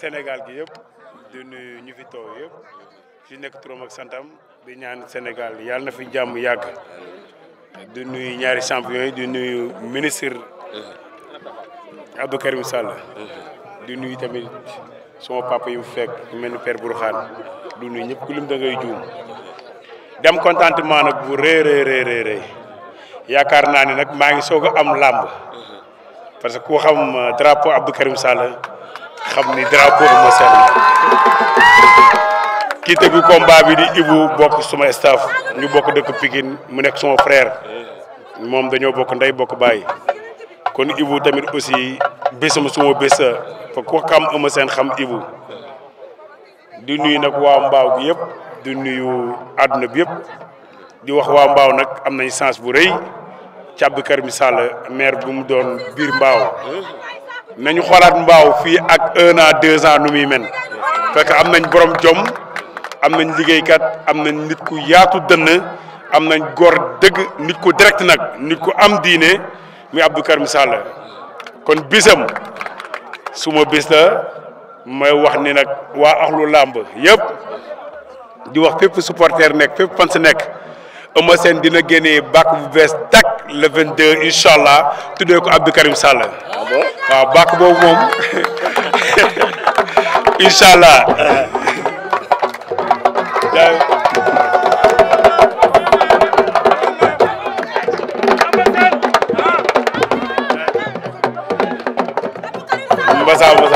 Sénégal gi yëpp di nuyu ñu fi toog yëpp ci nekk turam ak santam di ñaan Sénégal yàlla na fi jàmm yàgg di nuyu ñaari champion yi di nuyu ministre Abdou Karim Sall di nuyu tamit sama papa yu mu fekk mel ni Père Bourkhane du nuy ñëpp ku lim da ngay juum dem contentement nag bu rëy rëy yaakaar naa ne nag maa ngi soog a am làmb parce que ku xam euh, drapeau Abdou Karim Sall xam ni drapeau bi moo sell ki tegu combat bi di Ibou bokk suma staff ñu bokk dëkk Pikine mu nekk suma frère moom dañoo bokk ndey bokk baay kon Ibou tamit aussi bésam suma bés fa ko xam Eumeu xam Ibou di nuyu nag waa mbaaw bi yëpp di nuyu àdduna bi yépp di wax waa mbaaw nag am nañ chance bu rëy càbb kër mi sàll maire bu mu doon biir mbaaw nañu xoolaat mbaaw fii ak un an deux ans nu muy men fekk am nañ borom jom am nañ liggéeykat am nañ nit ku yaatu dënn am nañ góor dëgg nit ku direct nag nit ku am diine muy Abdou Karim Sall kon bisam suma bis la may wax ni nag waa axlu làmb yëpp di wax fépp supporter nekk fépp fans nekk Eumeu Sène dina génnee bàkk bu bees tàkk le 22 incha allah tuddee ko Abdou Karim boobu moom incha allah. Mbasa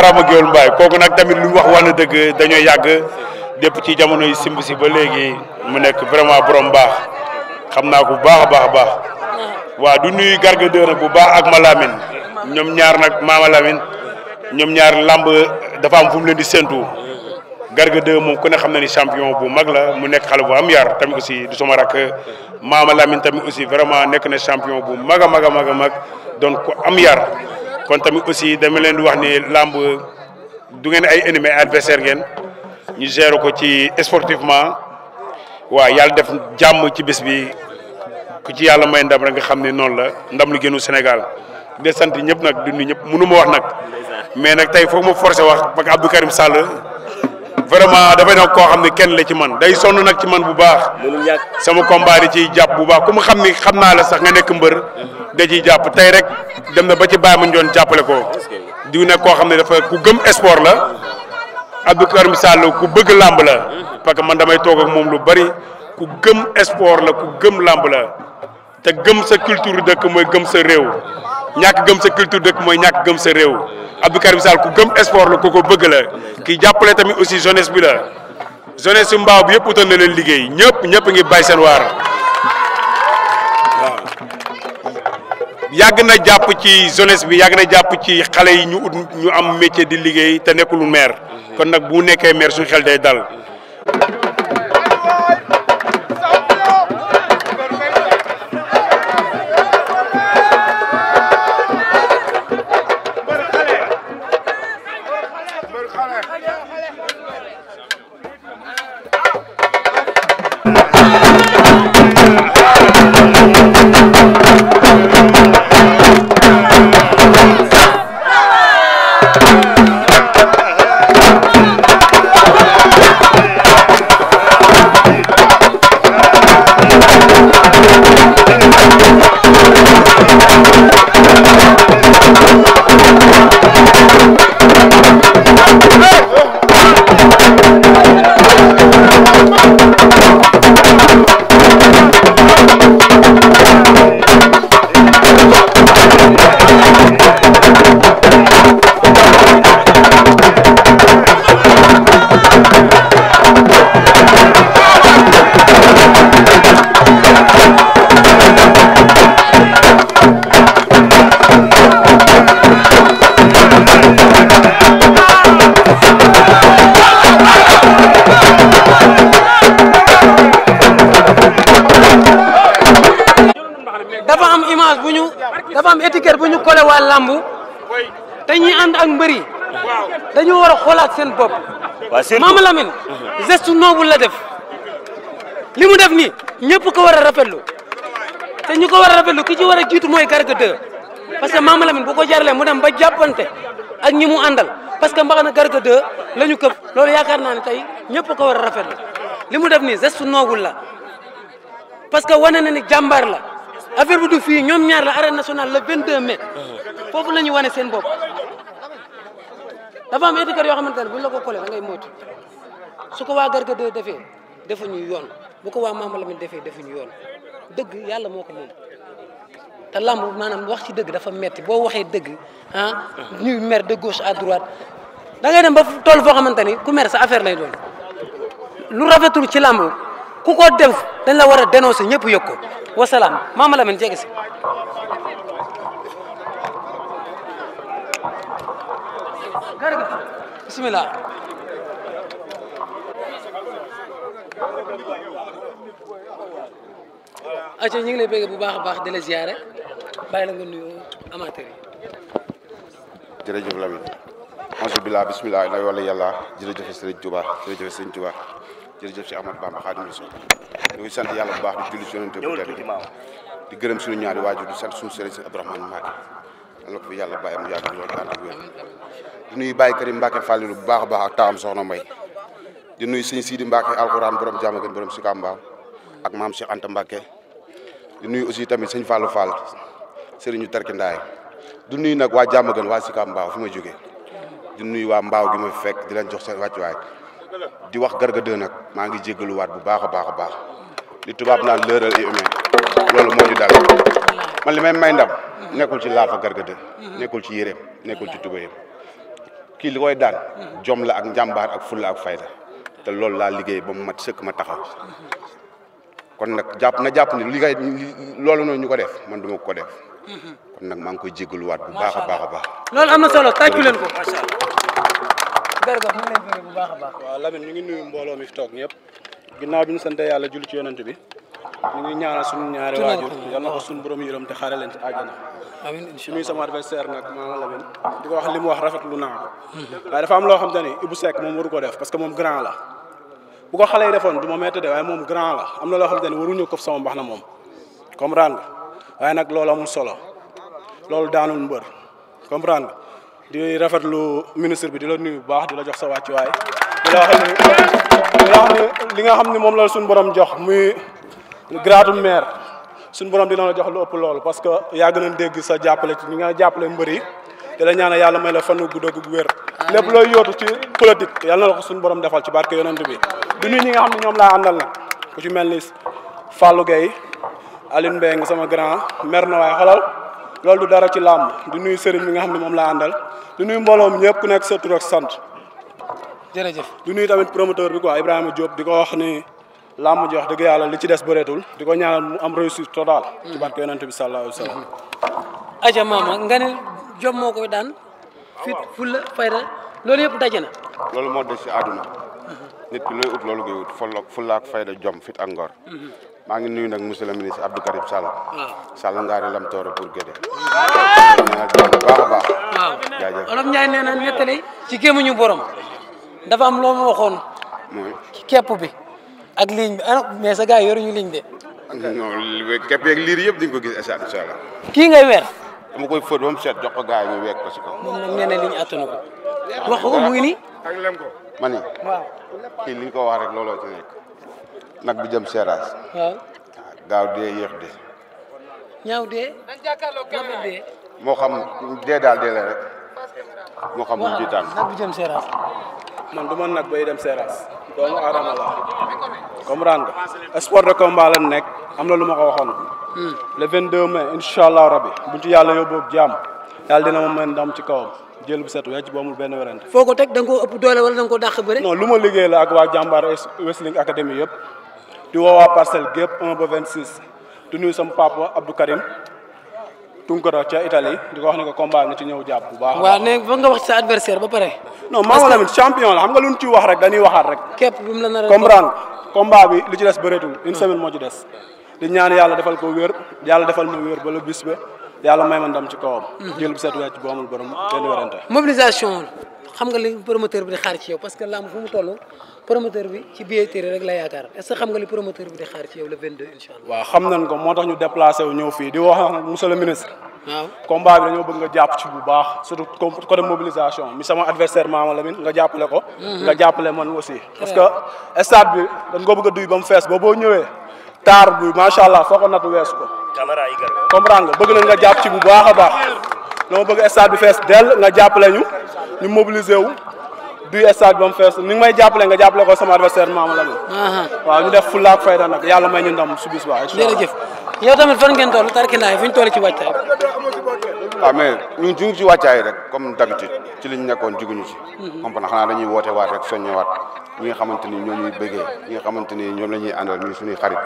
jaaraama Géol Mbaay kooku nag tamit lu wax wàllu dëgg dañoo yàgg dépp ci jamono yi simb si ba léegi mu nekk vraiment borom baax xam naa ko bu baax a baax a baax waaw du nuyu Garga 2 nag bu baax ak Malamine ñoom ñaar nag Mama Lamine ñoom ñaar làmb dafa am fu leen di séntu Garga 2 moom ku ne xam ne ni champion bu mag la mu nekk xale bu am yar tamit aussi du sama rakk Mama Lamine tamit aussi vraiment nekk na champion bu mag a mag a mag a mag doon ko am kon tamit aussi dama leen di wax ni làmb du ngeen ay ennemi adversaire ngeen ñu gérer ko ci esportivement waaw yàlla def jàmm ci bis bi ku ci yàlla may ndam rek nga xam ne noonu la ndam lu gënu Sénégal de sant ñëpp nag du ñëpp mënu wax nag mais nag tey foog ma forcé wax parce que Karim Sall vraiment dafay nag koo xam ne kenn la ci man day sonn nag ci man bu baax sama combat di ciy jàpp bu baax ku mu xam ni xam naa la sax nga nekk mbër da ciy jàpp tey rek dem na ba ci bàyyi ma njoon jàppale ko di nekk koo xam ne dafa ku gëm sport la Abdou Karim Sall ku bëgg làmb la parce que man damay toog ak moom lu bari ku gëm sport la ku gëm làmb la te gëm sa culture dëkk mooy gëm sa réew ñàkk gëm sa culture dëkk mooy ñàkk gëm sa réew Abdou Karim Sall ku gëm sport la ko ko bëgg la kii jàppale tamit aussi jeunesse bi la jeunesse su mbaaw bi yëpp utal na leen liggéey ñëpp ñëpp ngi bàyyi seen waar yàgg na jàpp ci jeunesse bi yàgg na jàpp ci xale yi ñu ut ñu am métier di liggéey te nekkul maire kon nag bu nekkee maire suñu xel day dal waa lamb te ànd ak mbër yi dañoo war a xoolaat seen bopp. waaw surtout Mama Lamine. Mhm. geste def li mu def nii ñëpp ko war a rafetlu te ñu ko war a rafetlu ki ci war a jiitu mooy Garga 2 parce que Mama bu ko jaralee mu dem ba jàppante ak ñi mu àndal parce que mbaxana Garga 2 la këf loolu yaakaar naa ne tey ñëpp ko war a rafetlu li mu def nii geste noble la parce que wane na ni jàmbaar la. affaire bu du fii ñoom ñaar la arène nationale le 22 mai. foofu la ñu wane seen bopp. dafa am étiquette yoo xamante ne bu ñu la ko collé da ngay moytu su ko waa Garga 2 defee ñu yoon bu ko waa Mama Lamine defee defuñu yoon dëgg yàlla moo ko moom. te lamb maanaam wax ci dëgg dafa metti boo waxee dëgg ah. ñuy mer de gauche à droite da ngay dem ba toll foo xamante ni ku mer sa affaire lay doon lu rafetul ci lamb. ku ko def dañ la war a dénoncer ñëpp yëg ko wasalaam Mama Lamine jege si. bisimilah. aco ñu ngi bu baax a baax di la ziare bàyyi la nga nuyu amateur yi. jërëjëf Lamine. alhamdulilah bisimilah na wala yàlla jërëjëf Sëriñ Tuubaa jërëjëf jërëjëf si Ahmad Bamba Xaadimu Rasuul sant yàlla bu baax di julli si yonent bu tedd di gërëm suñu ñaari waajur di sant suñu sëriñ si Abdourahmane Mbacké la ko fi yàlla bàyyi mu yàgg loolu ànd ak wér di nuyu bu baax a baax ak taawam Soxna Mbay di nuyu sëñ Sidi Mbacké alxuraan borom jàmm gën borom Sika Mbaaw ak maam Cheikh Anta Mbacké di aussi tamit sëñ Fallou Fall sëriñu Tarki Ndaay du nuyu nag waa jàmm waa Sika Mbaaw fi ma jógee di waa Mbaaw gi ma fekk di leen jox seen wàccuwaay di wax Garga nag maa ngi jéggaluwaat bu baax baax a baax li tubaab naan l'erreur est humaine loolu moo ñu dal li may may ndam nekkul ci laafa Garga nekkul ci yéreem nekkul ci tubéyam kii li koy daan jom ak njàmbaar ak fulla ak te loolu laa liggéey ba mu mat sëkk ma nag jàpp na jàpp ni li loolu noonu ñu ko def man duma ko def kon nag maa ngi koy jéggaluwaat bu baax a baax a baax loolu am na solo tàccu leen ko Garga ngi waaw Lamine ñu ngi nuyu mbooloo mi fi toog ñëpp ginnaaw bi ñu sant yàlla julli ci yonent bi ñu ngi ñaanal suñu ñaari waajur yal na ko suñu borom yërëm te xaare leen ci àjjana. amiin incha allah sama adversaire nag maama Lamine di ko wax li mu wax rafetlu naa ko. waaye dafa am loo xam te ne Ibou Seck moom waru ko def parce que moom grand la bu ko xale yi defoon du ma métti de waaye moom grand la am na loo xam te ne waruñu ko sama mbax na moom comprendre nga waaye nag loolu am solo loolu daanul mbër comprendre nga di rafetlu ministre bi di la nuyu bu baax di la jox sa wàcc di di la wax ni li nga xam ni moom la suñu borom jox muy grade maire suñu borom dina la jox lu ëpp loolu parce que yàgg nañ dégg sa jàppale ci ñi nga jàppale mbër yi di la ñaanal yàlla may la fan gu dëgg gu wér lépp looy yootu ci politique yàlla na la ko suñ borom defal ci barke yonent bi di nuyu ñi nga xam ne ñoom laa àndal na ku ci mel ni Fallou Gueye Aline Mbengue sama grand maire na waaye xolal loolu du dara ci làmb di nuyu Serigne bi nga xam ne moom laa àndal du nuyu mbooloom ñëpp ku nekk sa tur ak sant. jërëjëf du nuyu tamit promoteur bi quoi Ibrahima Diop di ko wax ni làmb ji wax dëgg yàlla li ci des bëreetul di ko ñaanal am réussite totale. ci barke yonent bi sallallahu alayhi aja maama nga ne moo koy daan. Ah, fit fulla fayda loolu yëpp daje na. loolu moo des ci àdduna. nit ki looy ut loolu ngay ut fulla ak fayda jom fit ak ngor. Mhm. maa ngi nuyu nag monsieur le ministre Abdou Karim Sall. Ah. Sall ngaari lam toore pour ah. baax a baax. Ah. jaajëf Olof Ndiaye nee na nettali ci gémmiñu borom dafa am loo ma waxoon. mooy bi ak ligne bi ah mais sa gars yi yoruñu ligne de. non képp liir yëpp di ko gis insha Allah. kii ngay weer. dama koy fóot ba mu set jox ko gars yi ñu weeg ko si ko. moom nag nee na ko. wax ko mu ngi ma ni. kii li ko wax rek looloo ci nag bu jëm seeraas. waaw gaaw dee yéex dee. ñaaw dee. moo xam dee daal dee rek. moo xam lu jiitaan. nag bu jëm seeraas. man du ma nag bay dem seeraas. doomu aadama la comprendre sport de combat la nekk am na lu ma ko waxoon. Hmm. le 22 mai incha allah rabi bu ci yàlla yóbbu ak jàmm yàlla dina ma mën ndam ci kawam. jël bu set wecc bu amul benn werante. foo ko teg da nga ëpp doole wala da nga koo non lu ma liggéey la waa jàmbaar Wrestling Academy yëpp di woowaa parcelle gépp 1 ba 26 di nuyu sama papa Abdou Karim Tunkara ca Italie di ko wax ne ko combat nga ci ñëw jàpp bu baax. waaw ne ba nga wax sa adversaire ba pare. non Maama Lamine champion la xam nga lu ñu ciy wax rek dañuy waxaat rek. képp combat bi li ci des bëreetul une semaine moo ci des. di ñaan yàlla defal ko wér yàlla defal ma wér ba le bis ba yàlla may ma ndam ci kawam. Mhm. jël bu set wecc bu amul borom kenn werante. mobilisation xam nga que promoteur bi ci billetterie rek la yaakaar est-ce que xam nga li promoteur bi di xaar ci yow le 22 incha allah. waaw xam nañ ko moo tax ñu déplacé wu ñëw fii di wax nag monsieur le ministre. waaw combat bi dañoo bëgg nga jàpp ci bu baax surtout côté mobilisation mi sama adversaire Mama Lamine nga jàppale ko. Mhm. nga jàppale man aussi. parce que stade bi dañ ko bëgg a duy ba mu fees ba boo ñëwee taar bi macha allah foo ko natt weesu ko. caméra yi nga bëgg nañ nga jàpp ci bu baax a baax dama bëgg stade bi fees dell nga jàppale ñu ñu mobiliser wu. du stade ba mu fees ni nga may jàppale nga jàppale ko sama adversaire Mama Lamine. waaw ñu def fulla ak fayda nag yàlla may ñu ndam su bis ba. incha allah jërëjëf yow tamit fan ngeen toll tarkindaa yi fi ñu amee mais ñu ngi ci wàccaay rek comme d'habitude ci liñ nekkoon jiguñu ci comprendre xanaa dañuy woote waat rek soññewaat ñi nga xamante ni ñoo ñuy bëggee ñi nga xamante ni ñoom la ñuy àndal ñuy suñuy xarit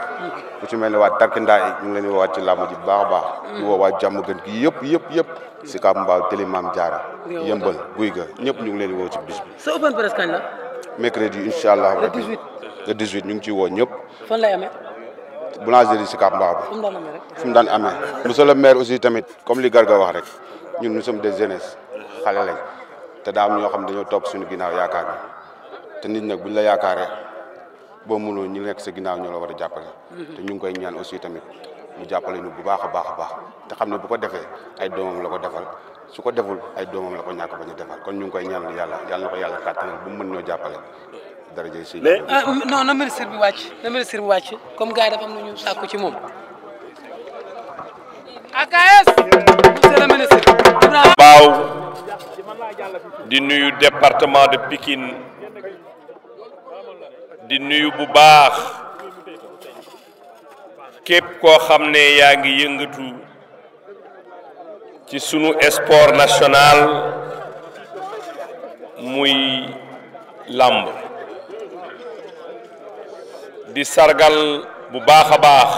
ku ci mel ne waa tarkindaa yi ñu ngi leen di woowaat ci làmb ji baax a baax ñu woo waa jàmm gën gi yëpp yëpp yëpp si Kaab Mbaaw Télimaam Jaara yëmbal guy ga ñëpp ñu ngi leen di woo ci bis bi sa open press kañ la mercredi incha allah rabbi le 18 ñu ngi ciy woo ñëp boulangerie si Kaap Mbaaw bi fu mu daan amee monsieur le maire aussi tamit comme li Garga wax rek ñun nous sommes de jeunesses xale lañ te daam am ñoo xam dañoo toog suñu ginnaaw yaakaar bi te nit nag buñ la yaakaaree boo mënoo ñu nekk sa ginnaaw ñoo la war a jàppale te ñu ngi koy ñaan aussi tamit mu jàppale ñu bu baax a baax a baax te xam ne bu ko defee ay doomam la ko defal su ko deful ay doomam la ko ñàkk bañ a defal kon ñu ngi koy ñaan yàlla yàlla na ko yàlla kàttanal bu mu mën jàppale dara euh, am lu ci moom. baaw di nuyu departement de Pikine di nuyu bu baax képp koo xam ne yaa ngi yëngatu ci sunu sport national muy làmb di sargal bu baax a baax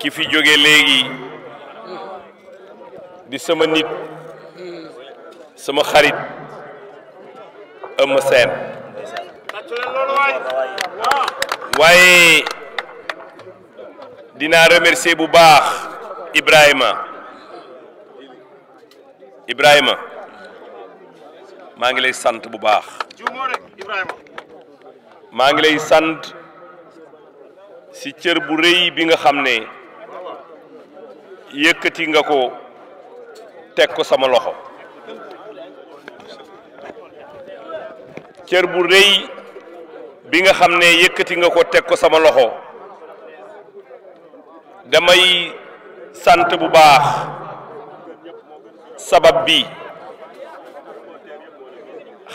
ki fi jóge léegi di sama nit sama xarit Eumeu seen waaye dinaa remercier bu baax Ibrahima Ibrahima maa ngi lay sant bu baax. maa ngi lay sant ci cër bu rëy bi nga xam ne yëkkati nga ko teg ko sama loxo cër bu rëy bi nga xam ne yëkkati nga ko teg ko sama loxo damay sant bu baax sabab bi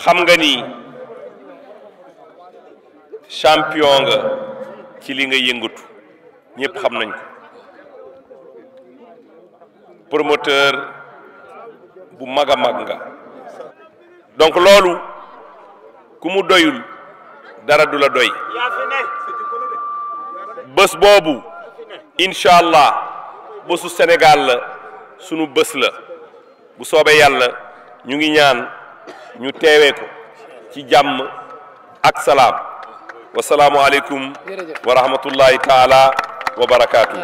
xam nga ni champion ci li nga yëngatu ñëpp xam nañ ko promoteur bu mag a mag nga donc loolu ku mu doyul dara du la doy bés boobu incha allah bésu Sénégal la sunu bés la bu soobee yàlla ñu ngi ñaan ñu teewee ko ci jàmm ak salaam wasalaamualeykum wa rahmatullahi taala wa barakaatu.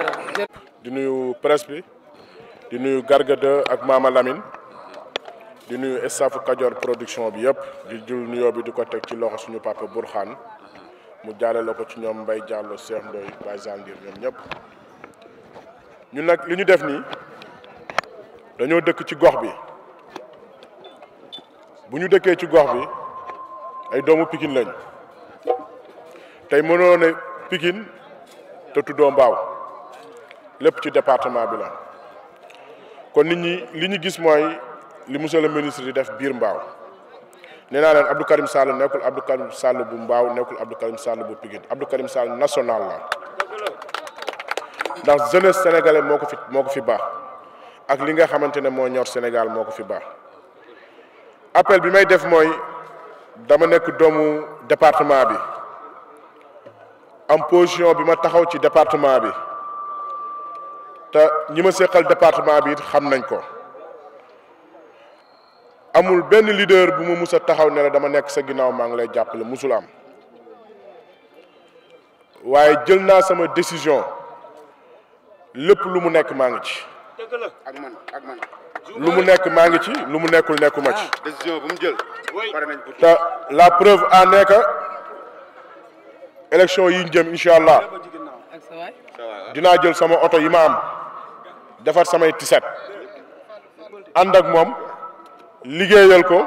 di nuyu presse bi di nuyu Garga ak Mama Lamine di nuyu staffu Kajoor production bi yëpp di jul nuyoo bi di ko teg ci loxo suñu papa Bourkhane mu jàllale ko ci ñoom Mbaye Diallo Cheikh Ndoye Baye Zandir ñoom ñëpp nag li ñu def nii dañoo dëkk ci gox bi bu ñu dëkkee ci gox bi ay doomu Pikine lañ tey mënoo ne Pikine te tuddoo Mbao lépp ci département bi la kon nit ñi li ñu gis mooy li monsieur le ministre di def biir mbaaw nee naa leen Abdou Karim Sall nekkul Abdou Karim sàll bu mbaaw nekkul Abdou Karim Sall bu Pikine Abdou Karim Sall national la ndax jeunesse sénégalais moo ko fi moo ko fi baax ak li nga xamante ne moo ñor Sénégal moo ko fi baax appel bi may def mooy dama nekk doomu département bi am position bi ma taxaw ci département bi te ñi ma seqal département bi xam nañ ko amul benn leader bu mu mus a taxaw ne dama nekk sa ginnaaw maa ngi lay jàppale musul am waaye jël naa sama décision lépp lu mu nekk maa ngi ci. dëgg lu mu nekk maa ngi ci lu mu nekkul nekkuma ci. Ah, décision bu te la preuve en élection yi ñu jëm incha allah dinaa jël sama oto yi ma am defar samay tiset ànd ak moom liggéeyal ko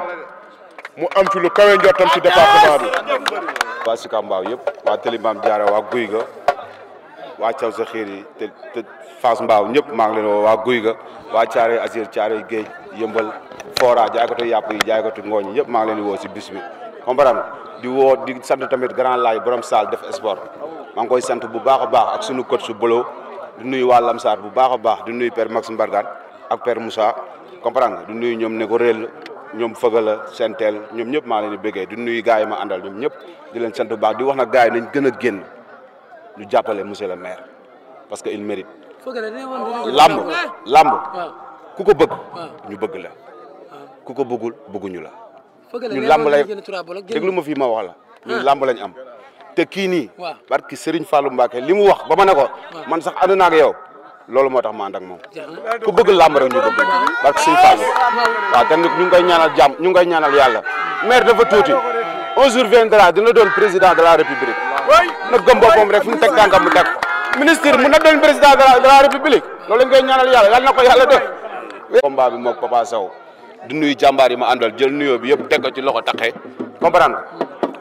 mu am fi lu kawe njottam ci département bi. waa Sicap Mbao yëpp waa Télimam Diarra waa Guy ga waa sa xiir yi te te Fass ñëpp maa ngi leen woo waa Guy ga waa Thiaroye Asir Thiaroye Géej yëmbal Fora jaay ko te yàpp yi jaay ko te ngooñ ñëpp maa ngi leen di woo si bis bi. comprendre di woo di sant tamit garan laay borom saal def sport maa ngi koy sant bu baax a baax ak sunu coach su bolo di nuyu waa Lamsaar bu baax a baax di nuyu père Max Mbargane ak per Moussa comprendre nga di nuyu ñoom ne ko ñoom fëgala senteel ñoom ñëpp maa leen di bëggee di nuyu gars yi ma àndal ñoom ñëpp di leen sant bu baax di wax nag gars yi nañ gën a génn ñu jàppale monsieur le maire parce que il mérite. làmb làmb ku ko bëgg. ñu bëgg la ku ko bëggul bëgguñu la. ñun làmb lay déglu ma fii ma wax la ah. ñun làmb lañ am te kii nii barki Serigne Fallou Mbacké li mu wax ba ma ne ko man sax ànd naa ak yow loolu moo tax ma ànd ak moom ku bëgg làmb rek ñu bëgg barki Serigne Fallou waaw te nag ñu ngi koy ñaanal jàmm ñu ngi koy ñaanal yàlla maire dafa tuuti un jour viendra dina doon président de la république na gëm boppam rek fu mu teg tànkam mu teg ministre mun na doon président de la république loolu lañ koy ñaanal yàlla yàlla na ko yàlla def combat di nuyu jàmbaar yi ma àndal jël nuyoo bi yëpp teg ko ci loxo taqe comprendre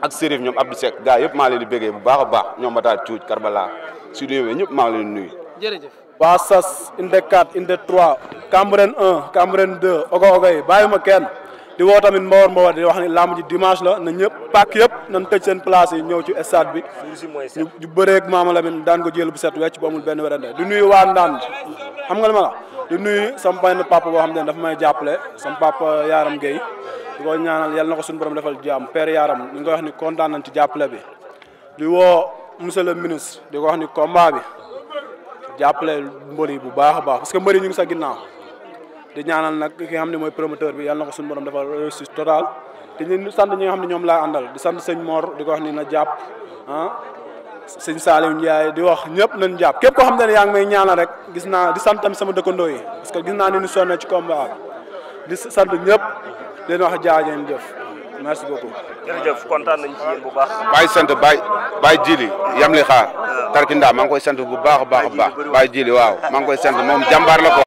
ak Serif ñoom ab Seck gars yëpp maa leen di béggee bu baax a baax ñoom Mata Cuuj Karbala su dee ñëpp maa leen nuyu. jërëjëf. waa sas inde 4 inde 3 Cambérène 1 Cambérène 2 ogo ogo yi bàyyuma kenn di woo tamit Mbawar Mbawar di wax ni làmb ji dimanche la na ñëp pàkk yëpp nañ tëj seen place yi ñëw ci stade bi ñu bëreeg Maama Lamine daan ko jël bu set wecc bu amul benn werante di nuyu waan Ndaan xam nga li ma di nuyu sama benn papa boo xam ne dafa may jàppale sama papa Yaram Gueye di ko ñaanal yal na ko suñu borom defal jàmm père Yaram ñu ngi koy wax ni kontaan nañ ci jàppale bi. di woo monsieur le ministre di ko wax ni combat bi jàppale mbër yi bu baax a baax parce que mbër ñu ngi sa ginnaaw di ñaanal nag ki xam ne mooy promoteur bi yal na ko suñu borom defal réussite totale te ñu sant ñi xam ne ñoom laa àndal di sant sëñ moor di ko wax ni na jàpp ah. sëñ Saliou Ndiaye di wax ñëpp nañ jàpp képp koo xam ne yaa ngi may ñaanal rek gis naa di sant sama dëkkandoo yi parce que gis naa ni ñu sonné ci combat bi di sant ñëpp leen wax jaajeen jëf merci beaucoup. jërëjëf kontaan nañ ci bu baax. bàyyi sant baay bàyyi jili yam li xaar. Tarkinda koy sant bu baax a baax a baax. bàyyi jili waaw maa ngi koy sant moom jàmbaar la ko.